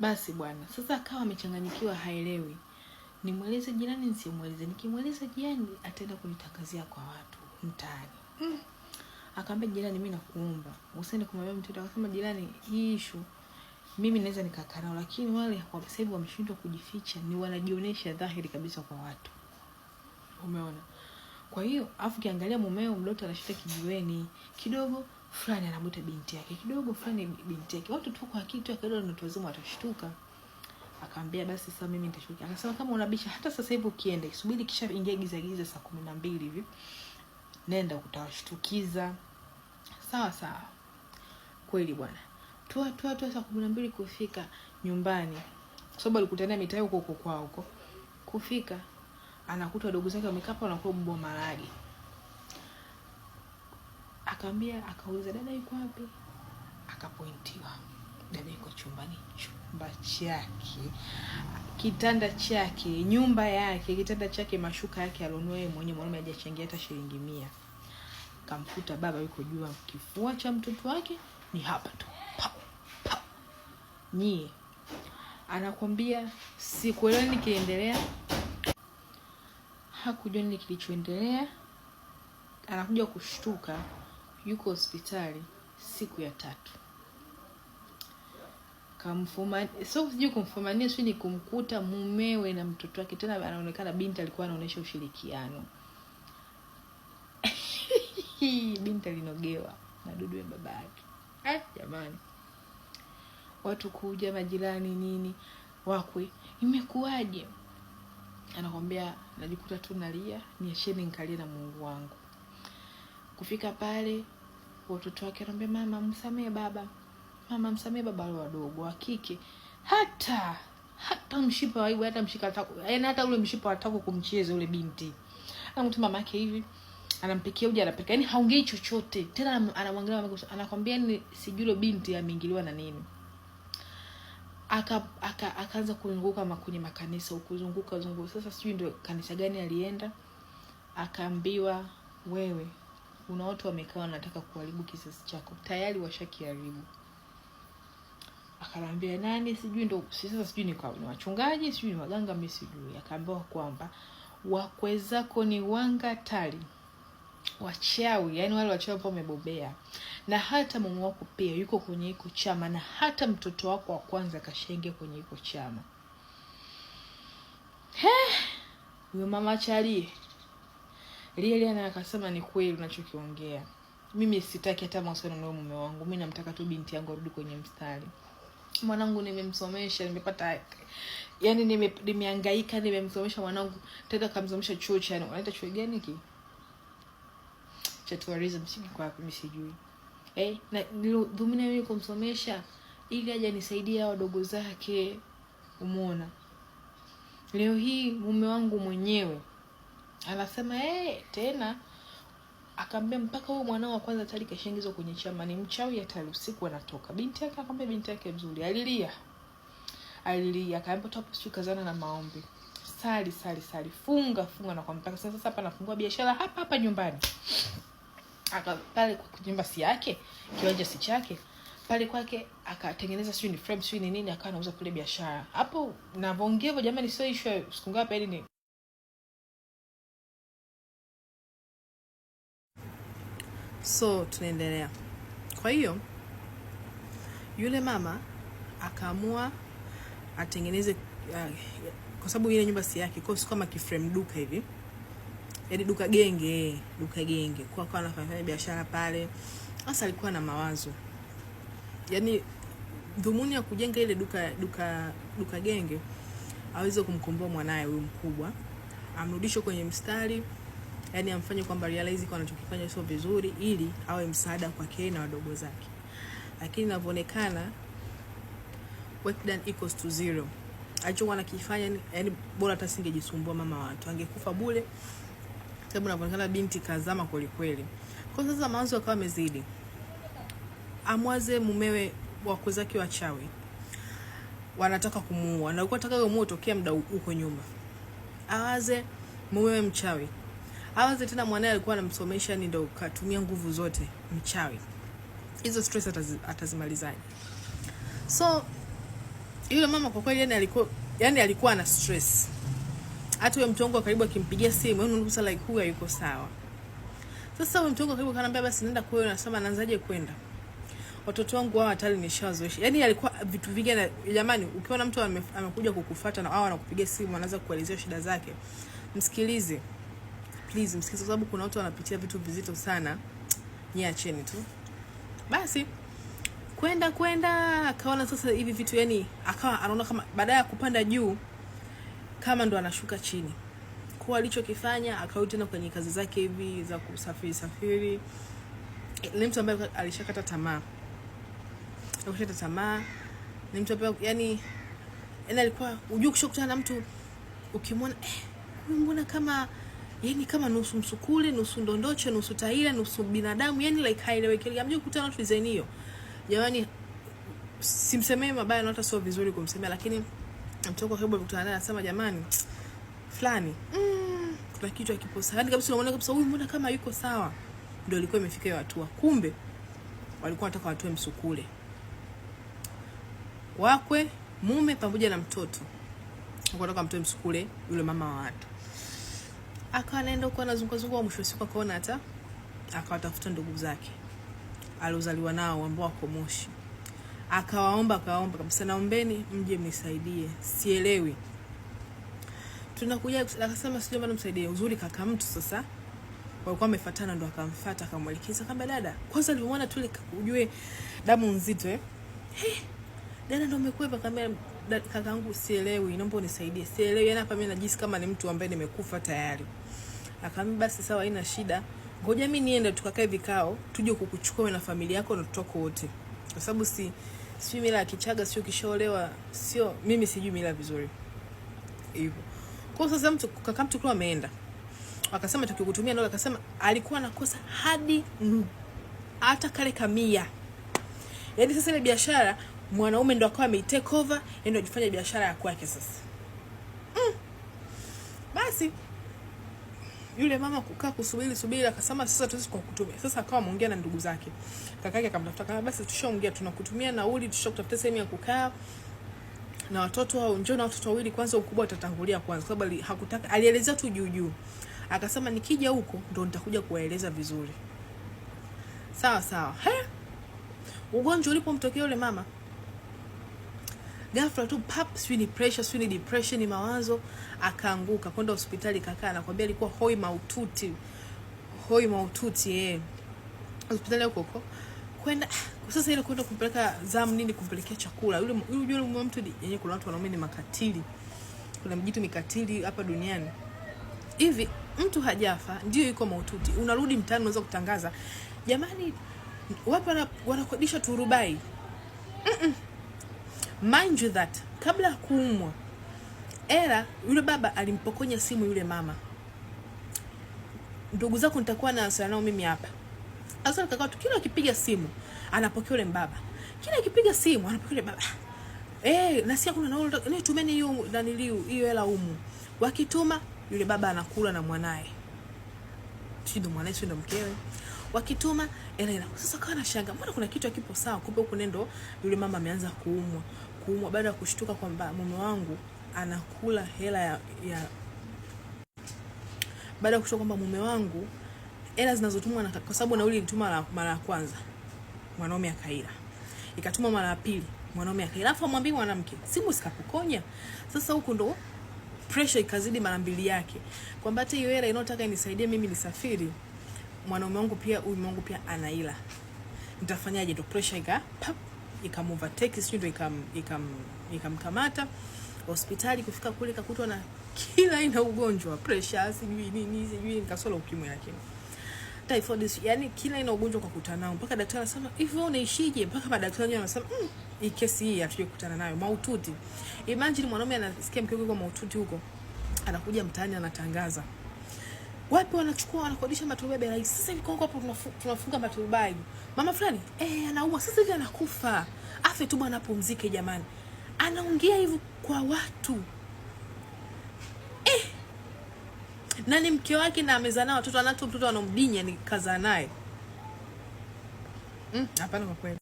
Basi bwana, sasa akawa amechanganyikiwa, haelewi nimweleze jirani, nisimweleze, nikimweleza jirani ataenda kunitangazia kwa watu mtaani mm. Akaambia jirani, mimi nakuomba usiende kumwambia mtoto. Akasema jirani, hii ishu mimi naweza nikakarao, lakini wale kwa sasa hivi wameshindwa kujificha, ni wanajionyesha dhahiri kabisa kwa watu, umeona? Kwa hiyo afu kiangalia mumeo mdoto anashita kijiweni kidogo fulani anamwita binti yake kidogo, fulani binti yake, watu tu kwa kitu ya kawaida, watu wazima watashtuka. Akaambia basi sasa mimi nitashuka. Akasema kama unabisha hata sasa hivi ukienda, subiri kisha ingia giza giza saa kumi na mbili hivi, nenda utawashtukiza. Sawa sawa, kweli bwana. Tua tua tua, saa kumi na mbili kufika nyumbani, kwa sababu alikutania mitaa huko huko kwa huko. Kufika anakuta dogo zake wamekaa hapo, wanakula bobo maragi akaambia, akauliza dada yuko wapi? Akapointiwa, dada yuko chumbani, chumba chake, kitanda chake, nyumba yake, kitanda chake, mashuka yake alionua yeye mwenye mwanaume hajachangia hata shilingi mia. Kamkuta baba yuko jua kifua cha mtoto wake ni hapa tu, nyie anakwambia sikuelewa nini kiliendelea, hakujua nini kilichoendelea, anakuja kushtuka yuko hospitali siku ya tatu so sio sijui kumfumania, sijui ni kumkuta mumewe na mtoto wake, tena anaonekana binti alikuwa anaonyesha ushirikiano binti alinogewa na dudu ya baba yake. Eh, jamani, watu kuja majirani nini, wakwe, imekuwaje? Anakwambia najikuta tu nalia, niacheni nikalie na Mungu wangu. Kufika pale watoto wake wanaambia mama, msamee baba, mama msamee baba. Wale wadogo wa kike hata hata mshipa wa aibu hata mshika hata yani hata ule mshipa wataka kumcheza ule binti, anamtuma mama yake hivi, anampikia uji, anapika, yani haongei chochote tena, anamwangalia mama yake, anakwambia ni yaani sijui binti ameingiliwa na nini. Aka akaanza kuzunguka makuni makanisa ukuzunguka zunguka. Sasa sijui ndio kanisa gani alienda, akaambiwa wewe kuna watu wamekaa wanataka kuharibu kisasi chako, tayari washakiharibu. akaambia nani, sijui ndo sasa, sijui ni kwa ni wachungaji, sijui ni waganga, mimi sijui. Akaambiwa kwamba wakwe zako ni wanga tali, wachawi, yani wale wachawi ambao wamebobea, na hata mume wako pia yuko kwenye iko chama, na hata mtoto wako wa kwanza kashenge kwenye iko chama. He, huyo mama chalie Lieli naye akasema ni kweli unachokiongea, mimi sitaki hata mahusiano na mume wangu, mimi namtaka tu binti yangu arudi kwenye mstari. Mwanangu nimemsomesha, nimepata yani nime, nimehangaika nimemsomesha mwanangu, tena kamsomesha chuo cha yani, unaita chuo gani ki? cha tourism? Sijui kwa wapi, sijui eh, na dhumuni mimi kumsomesha ili aje nisaidie wadogo zake. Umeona leo hii mume wangu mwenyewe anasema hey, eh, tena akaambia mpaka huyo mwanao wa kwanza tayari kashaingizwa kwenye chama, ni mchawi, hatari, usiku anatoka. Binti yake akamwambia, binti yake mzuri, alilia alilia, akaambia tu hapo, sio kazana na maombi, sali sali sali, funga funga, na kwamba sasa sasa hapa nafungua biashara hapa hapa nyumbani, aka pale kwa nyumba si yake, kiwanja si chake pale kwake akatengeneza sio ni frame sio ni nini, akawa anauza kule biashara hapo. Na vongevo jamani, sio issue siku ngapi, yaani ni So tunaendelea. Kwa hiyo yule mama akaamua atengeneze uh, kwa sababu ile nyumba si yake, kwa kama kiframe duka hivi, yaani duka genge, duka genge, kwa kwa anafanya biashara pale. Sasa alikuwa na mawazo yaani dhumuni ya kujenga ile duka duka duka genge aweze kumkomboa mwanaye huyu mkubwa, amrudishe kwenye mstari yani amfanye kwamba realize kwa anachokifanya sio vizuri, ili awe msaada kwa yeye na wadogo zake. Lakini inavyoonekana work done equals to zero. Alichokuwa anakifanya yani, bora hata singejisumbua mama watu, angekufa bure, sababu inavyoonekana binti kazama kweli kweli. Kwa sasa mawazo akawa amezidi, amwaze mumewe wakwe zake wachawi wanataka kumuua na alikuwa ataka kumuua tokea muda huko nyuma, awaze mumewe mchawi Awaze tena mwanae alikuwa anamsomesha, ni ndo katumia nguvu zote, mchawi. Hizo stress ataz, atazimalizaje? So yule mama kwa kweli, yani alikuwa yani alikuwa ana stress. Hata yule mtongo karibu akimpigia simu, yani unakuta like huyu yuko sawa. Sasa yule mtongo karibu kaniambia, basi nenda kwao, anasema naanzaje kwenda? Watoto wangu hao hatari nishawazoesha. Yani alikuwa vitu vingi na jamani, ukiona mtu amekuja kukufuata na hao anakupigia simu, anaanza kuelezea shida zake. Msikilize please msikize, kwa sababu kuna watu wanapitia vitu vizito sana. Niacheni tu basi kwenda kwenda, akaona sasa hivi vitu yani, akawa anaona kama baada ya kupanda juu kama ndo anashuka chini. Kwa alichokifanya akarudi tena kwenye kazi zake hivi za kusafiri safiri. Ni mtu ambaye alishakata tamaa, alishakata tamaa. Ni mtu ambaye yani, yani alikuwa unajua, ukishakutana na mtu ukimwona eh, mbona kama yani kama nusu msukule, nusu ndondoche, nusu taira, nusu binadamu, yani like haieleweki. Yaani Amjua kukutana watu design hiyo, jamani, simsemee mabaya na hata sio vizuri kumsemea, lakini mtoko hebu mkutana naye anasema jamani fulani mm, kuna kitu akipo sawa, yani kabisa unaona kabisa huyu mbona kama yuko sawa, ndio alikuwa imefika hiyo hatua. Kumbe walikuwa wanataka watoe msukule wakwe mume pamoja na mtoto, wanataka mtoe msukule yule mama wa watu akawa anaenda huko anazunguka zunguka, mwisho siku akaona hata akawatafuta ndugu zake aliozaliwa nao ambao wako Moshi, akawaomba akawaomba kabisa, naombeni mje mnisaidie, sielewi tunakuja. Akasema sijui mbona msaidie. Uzuri kaka mtu sasa walikuwa wamefuatana, ndo akamfuata akamwelekeza, kamba dada, kwanza alimuona tu ujue damu nzito eh, hey, dada ndo amekuwa kamera kakangu, sielewi, naomba unisaidie, sielewi. Yaani hapa mimi najisikia kama ni mtu ambaye nimekufa tayari. Akaambia basi sawa, haina shida, ngoja mimi niende, tukakae vikao, tuje kukuchukua na familia yako na tutoko wote, kwa sababu si sijui mila ya Kichaga, sio kishaolewa, sio mimi, sijui mila vizuri hivyo. Kwa sasa mtu kaka mtu ameenda, akasema tukikutumia ndio, akasema alikuwa anakosa hadi hata kale kamia. Yaani sasa ile biashara mwanaume ndo akawa ameitake over, ndio ajifanya biashara ya kwake sasa. Mm. Basi yule mama kukaa kusubiri subiri, akasema sasa tuwezi kwa kutumia Sasa akawa ameongea na ndugu zake, kaka yake akamtafuta, kama basi tushaongea, tunakutumia nauli, tushakutafuta sehemu ya kukaa na watoto au njoo na watoto wawili kwanza, ukubwa utatangulia kwanza, kwa sababu hakutaka, alielezea tu juu juu, akasema nikija huko ndo nitakuja kuwaeleza vizuri. Sawa sawa. He, ugonjwa ulipomtokea yule mama ghafla tu pap, sijui ni pressure, sijui ni depression, ni mawazo, akaanguka kwenda hospitali. Kakaa anakwambia alikuwa hoi maututi, hoi maututi eh, hospitali huko huko kwenda sasa, ile kwenda kumpeleka zamu nini, kumpelekea chakula yule yule yule mtu yenye, Kuna watu wanaume ni makatili, kuna mjitu mikatili hapa duniani hivi. Mtu hajafa ndio yuko maututi, unarudi mtaani unaweza kutangaza, jamani, wapi wanakodisha turubai. mm -mm. Mind you that kabla ya kuumwa Era, yule baba alimpokonya simu yule mama. Ndugu zako nitakuwa na wasiliana nao mimi hapa. Sasa nikakaa tu, kila akipiga simu anapokea yule mbaba, kila akipiga simu anapokea yule baba. Eh, na si hakuna nao, ni tumeni hiyo daniliu hiyo hela umu. Wakituma yule baba anakula na mwanae, si ndo mwanae, si ndo mkewe. Wakituma hela ina. Sasa kawa na shanga, mbona kuna kitu hakipo sawa? Kumbe huko nendo yule mama ameanza kuumwa kuumwa baada ya kushtuka kwamba mume wangu anakula hela ya, ya... baada ya kushtuka kwamba mume wangu hela zinazotumwa na... kwa sababu nauli ilituma mara ya kwanza mwanaume akaila, ikatuma mara ya pili mwanaume akaila, afa mwambie mwanamke simu sikakukonya. Sasa huko ndo pressure ikazidi mara mbili yake, kwamba hata hiyo hela inayotaka inisaidie mimi nisafiri, mwanaume wangu pia huyu wangu pia anaila, nitafanyaje? Ndo pressure ika pap ikam overtake sio ndio ikam ikam ikamkamata hospitali. Kufika kule kakutwa na kila aina ugonjwa, pressure sijui nini sijui nikasola ukimwi yake typhoid, yani kila aina ugonjwa kakutana nao, mpaka daktari anasema hivi, wewe unaishije? Mpaka madaktari wenyewe wanasema mm, hii kesi hii hatuje kukutana nayo. Maututi, imagine mwanaume anasikia mke wake kwa maututi huko, anakuja mtaani anatangaza wapi wanachukua wanakodisha maturubai bei rahisi. Sasa hivi Kongo hapo tunafunga maturubai, mama fulani eh, anaua sasa hivi anakufa, afe tu bwana, pumzike jamani. Anaongea hivyo kwa watu eh, na ni mke wake na ameza nao watoto, anato mtoto anamdinya ni kazaa naye hmm, hapana. Mm, kwa kweli